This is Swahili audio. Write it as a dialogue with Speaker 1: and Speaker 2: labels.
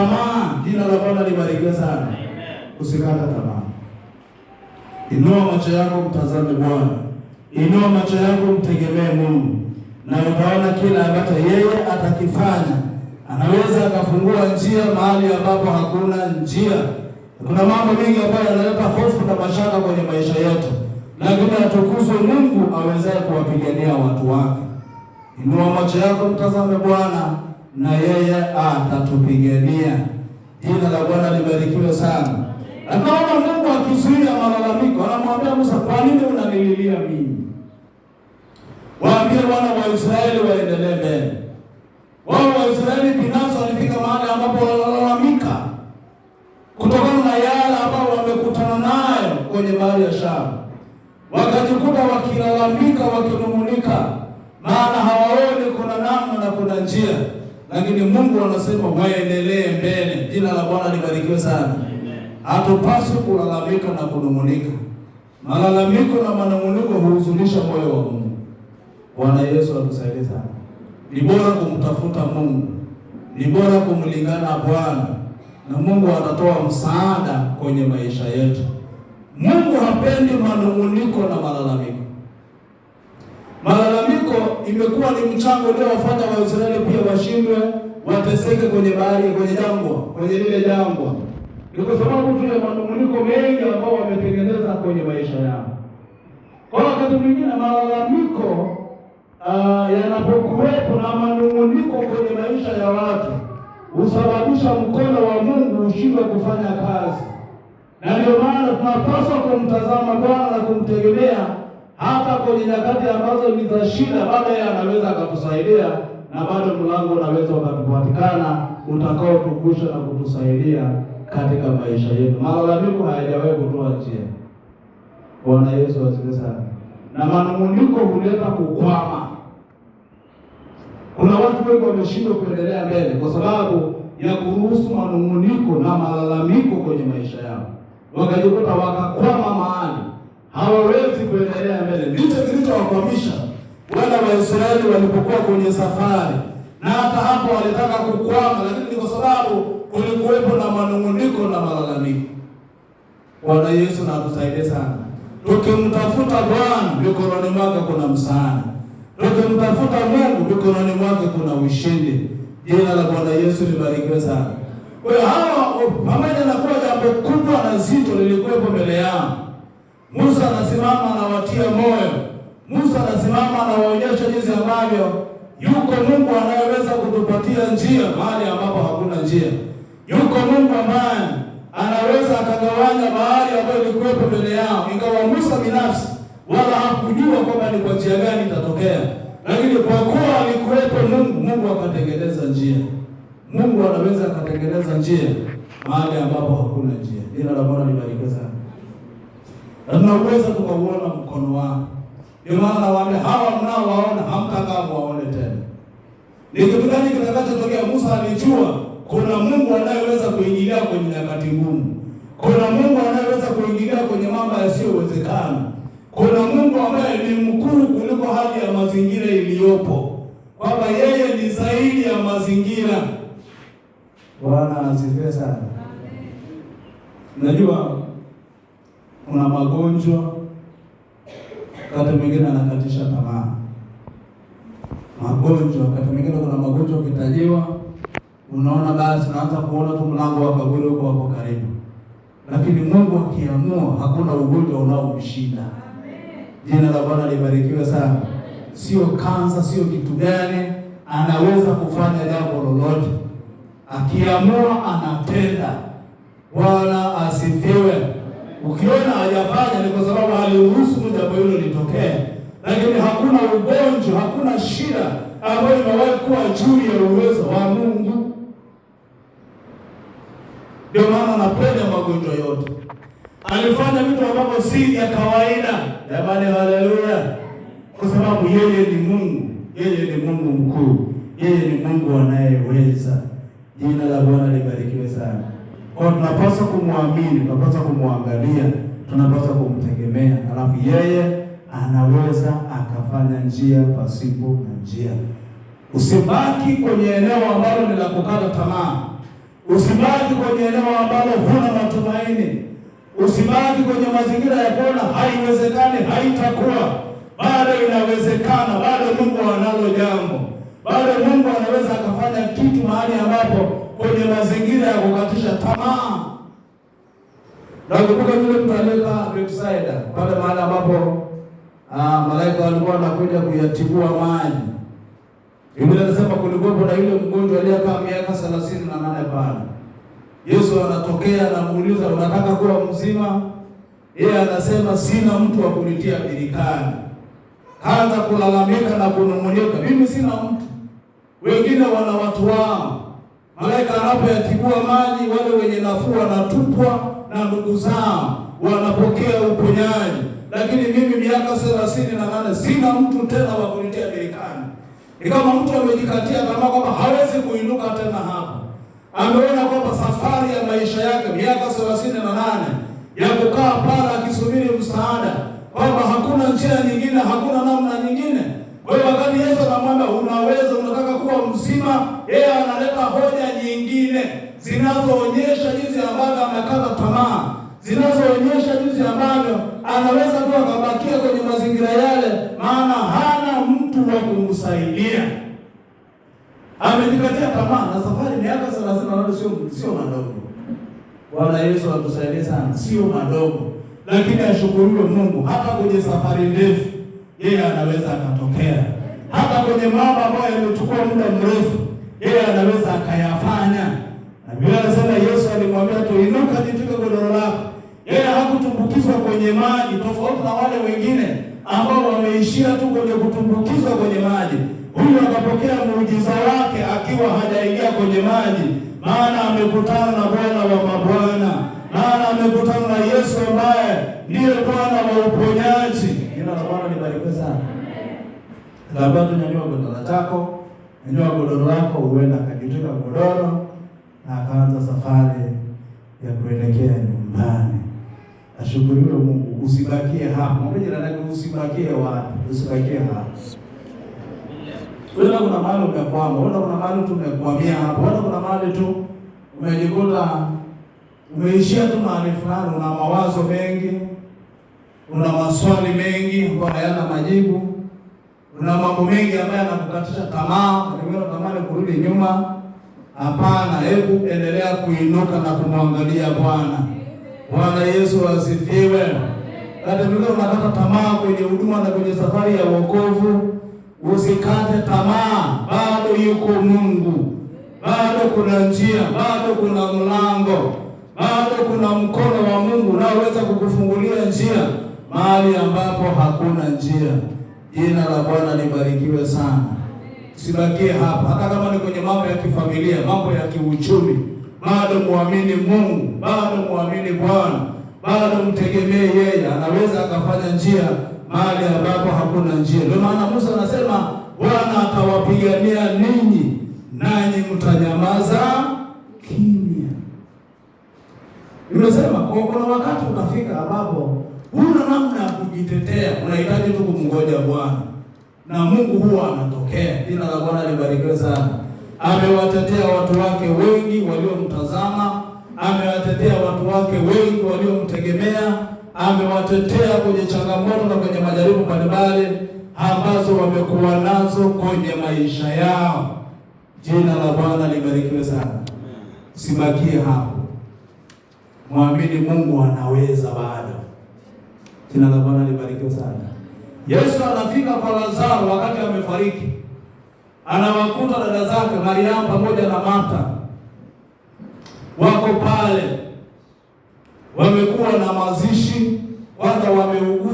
Speaker 1: tamaa. Jina la Bwana libarikiwe sana. Usikata tamaa, inua macho yako mtazame Bwana, inua macho yako mtegemee Mungu, na utaona kila ambacho yeye atakifanya. Anaweza akafungua njia mahali ambapo hakuna njia. Kuna mambo mengi ambayo yanaleta hofu na mashaka kwenye maisha yetu, lakini atukuzwe Mungu awezaye kuwapigania watu wake. Inua macho yako mtazame Bwana na yeye atatupigania. Jina la Bwana libarikiwe sana. Akaona Mungu akizuia malalamiko, anamwambia Musa, kwa nini unanililia mimi? Waambie wana wa Israeli waendelee mbele. Wao wa Israeli binafsi walifika mahali ambapo walalamika kutokana na yale ambayo wamekutana nayo kwenye bahari ya Shamu, wakajikuta wakilalamika, wakinung'unika, maana hawaoni kuna namna na kuna njia lakini Mungu anasema waendelee mbele. Jina la Bwana libarikiwe sana. Hatupaswi kulalamika na kunung'unika. Malalamiko na manung'uniko huhuzunisha moyo wa Mungu. Bwana Yesu atusaidie sana. Ni bora kumtafuta Mungu, ni bora kumlingana Bwana, na Mungu atatoa msaada kwenye maisha yetu. Mungu hapendi manung'uniko na malalamiko. Malalamiko imekuwa ni mchango uliowafanya Waisraeli pia washindwe, wateseke kwenye bahari, kwenye jangwa, kwenye lile jangwa, ni kwa sababu tu ya manunguniko mengi ambao wametengeneza kwenye maisha yao. Kwa wakati mwingine malalamiko uh, yanapokuwepo na manunguniko kwenye maisha ya watu husababisha mkono wa Mungu ushindwe kufanya kazi, na ndio maana tunapaswa kumtazama Bwana na kumtegemea hata kwenye nyakati ambazo ni za shida, baadaye anaweza akatusaidia na bado mlango unaweza ukakupatikana utakaotugusha na kutusaidia katika maisha yetu. Malalamiko hayajawahi kutoa njia. Bwana Yesu asifiwe sana. Na manung'uniko huleta kukwama. Kuna watu wengi wameshindwa kuendelea mbele kwa sababu ya kuruhusu manung'uniko na malalamiko kwenye maisha yao, wakajikuta wakakwama mahali, hawawezi kuendelea mbele. Ndicho kilichowakwamisha Wala Waisraeli walipokuwa kwenye safari, na hata hapo walitaka kukwama, lakini ni kwa sababu kulikuwepo na manung'uniko na malalamiko. Bwana Yesu na atusaidie sana. Tukimtafuta Bwana, mikononi mwake kuna msaada. Tukimtafuta Mungu, mikononi mwake kuna ushindi. Jina la Bwana Yesu libarikiwe sana. Kwa hiyo hawa, pamoja na kuwa jambo kubwa na zito lilikuwepo mbele yao, Musa anasimama, anawatia moyo Musa anasimama anawaonyesha jinsi ambavyo yuko Mungu anayeweza kutupatia njia mahali ambapo hakuna njia. Yuko Mungu ambaye anaweza akagawanya bahari ambayo ilikuwepo mbele yao, ingawa Musa binafsi wala hakujua kwamba ni kwa njia gani itatokea, lakini kwa kuwa alikuwepo Mungu, Mungu akatengeneza njia. Mungu anaweza akatengeneza njia mahali ambapo hakuna njia. Jina la Bwana libarikiwe sana. Tunaweza tukauona mkono wake ndio maana nawaambia hawa mnaowaona hamtakaa waone tena. Ni kitu gani kitakachotokea? Musa alijua kuna Mungu anayeweza kuingilia kwenye nyakati ngumu. Kuna Mungu anayeweza kuingilia kwenye mambo yasiyowezekana. Kuna Mungu ambaye ni mkuu kuliko hali ya mazingira iliyopo, kwamba yeye ni zaidi ya mazingira. Bwana asifiwe sana.
Speaker 2: Amen.
Speaker 1: Najua kuna magonjwa wakati mwingine anakatisha tamaa. Magonjwa, wakati mwingine kuna magonjwa ukitajiwa, unaona basi, unaanza kuona tu mlango wa kaburi uko hapo karibu, lakini Mungu akiamua, hakuna ugonjwa unaomshinda. Jina la Bwana libarikiwe sana. Sio kansa, sio kitu gani, anaweza kufanya jambo lolote. Akiamua anatenda. Bwana asifiwe. Ukiona hajafanya ni kwa sababu aliruhusu jambo hilo litokee, lakini hakuna ugonjwa, hakuna shida ambayo imewahi kuwa juu ya uwezo wa Mungu. Ndio maana anapenda magonjwa yote. Alifanya vitu ambavyo si ya kawaida. Jamani, haleluya! Kwa sababu yeye ni Mungu, yeye ni Mungu mkuu, yeye ni Mungu anayeweza. Jina la Bwana libarikiwe sana. Kwa tunapaswa kumwamini, tunapaswa kumwangalia, tunapaswa kumtegemea, alafu yeye anaweza akafanya njia pasipo na njia. Usibaki kwenye eneo ambalo ni la kukata tamaa, usibaki kwenye eneo ambalo huna matumaini, usibaki kwenye mazingira ya kuona haiwezekani, haitakuwa bado inawezekana, bado Mungu analo jambo, bado Mungu anaweza akafanya kitu mahali ambapo kwenye mazingira ya kukatisha tamaa. Nakumbuka vile mtu aliyekaa Bethsaida pale mahali ambapo ah, malaika walikuwa wanakuja kuyatibua maji. Biblia inasema kulikuwa na yule mgonjwa aliyekaa miaka thelathini na nane pale. Yesu anatokea anamuuliza, unataka kuwa mzima? Yeye anasema sina mtu wa kunitia birikani. Kaanza kulalamika na kunung'unika, mimi sina mtu, wengine wana watu wao Malaika anapoyatibua maji, wale wenye nafuu wanatupwa na ndugu zao wanapokea uponyaji. Lakini mimi miaka thelathini na nane sina mtu tena wa kunitia birikani. Ni kama mtu amejikatia tamaa kwamba hawezi kuinuka tena hapa, ameona kwamba safari ya maisha yake miaka thelathini na nane ya kukaa pala akisubiri msaada, kwamba hakuna njia nyingine, hakuna namna nyingine zinazoonyesha jinsi ambavyo amekata tamaa, zinazoonyesha jinsi ambavyo anaweza tu akabakia kwenye mazingira yale, maana hana mtu wa kumsaidia. Amejikatia tamaa na safari miaka 38 sio sio madogo. Bwana Yesu atusaidie sana, sio madogo, lakini ashukuriwe Mungu, hata kwenye safari ndefu yeye anaweza akatokea, hata kwenye mambo ambayo yamechukua muda mrefu yeye anaweza akaya akamwambia inuka jitwike godoro lako. Yeye hakutumbukizwa kwenye maji, tofauti na wale wengine ambao wameishia tu kwenye kutumbukizwa kwenye maji. Huyu akapokea muujiza wake akiwa hajaingia kwenye maji, maana amekutana na Bwana wa mabwana, maana amekutana na Yesu ambaye ndiye Bwana wa uponyaji. Jina la Bwana libarikiwe sana. Labda tunyanyua godoro lako, nyanyua godoro lako, uenda akajitwika godoro na akaanza safari kuelekea nyumbani. Ashukuriwe Mungu, usibakie hapo. Mwambie jirani yako usibakie wapi? Usibakie hapo. Wewe kuna mahali umekwama, wewe kuna mahali tumekwamia hapo, wewe kuna mahali tu umejikuta umeishia tu mahali fulani, una mawazo mengi, una maswali mengi ambayo hayana majibu, una mambo mengi ambayo yanakukatisha tamaa, unatamani kurudi nyuma Hapana, hebu endelea kuinuka na kumwangalia Bwana. Bwana Yesu asifiwe. Hata vile unakata tamaa kwenye huduma na kwenye safari ya wokovu, usikate tamaa. Bado yuko Mungu, bado kuna njia, bado kuna mlango, bado kuna mkono wa Mungu unaoweza kukufungulia njia mahali ambapo hakuna njia. Jina la Bwana libarikiwe sana sibakie hapa, hata kama ni kwenye mambo ya kifamilia, mambo ya kiuchumi, bado muamini Mungu, bado muamini Bwana, bado mtegemee yeye. Anaweza akafanya njia mahali ambapo hakuna njia. Ndio maana Musa anasema Bwana atawapigania ninyi, nanyi mtanyamaza kimya. imesema kwa kuna wakati utafika ambapo huna namna ya kujitetea, unahitaji tu kumngoja Bwana na Mungu huwa anatoa Mpokee. Jina la Bwana libarikiwe sana. Amewatetea watu wake wengi waliomtazama, amewatetea watu wake wengi waliomtegemea, amewatetea kwenye changamoto na kwenye majaribu mbalimbali ambazo wamekuwa nazo kwenye maisha yao. Jina la Bwana libarikiwe sana. Sibakie hapo, mwamini Mungu anaweza bado. Jina la Bwana libarikiwe sana. Yesu anafika kwa Lazaro wakati amefariki anawakuta dada zake Mariamu pamoja na Martha wako pale, wamekuwa na mazishi, wata wameugua